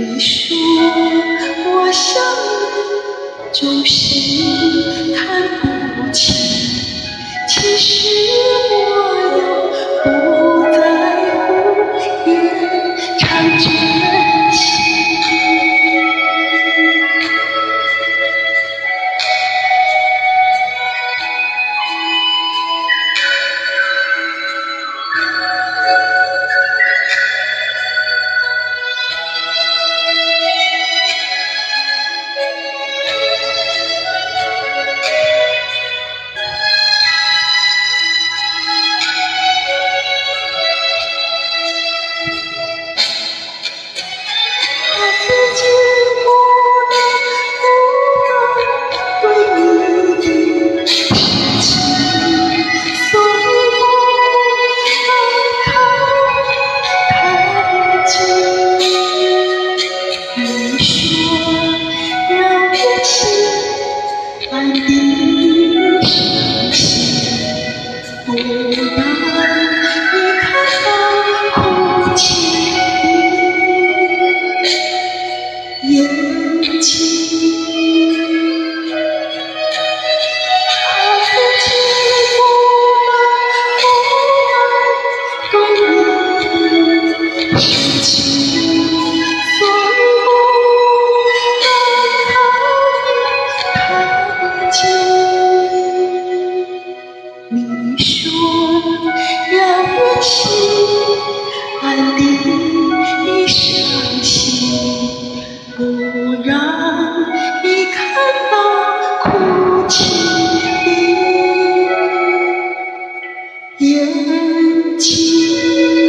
你說，我像雲，總是看不清。其實我。情。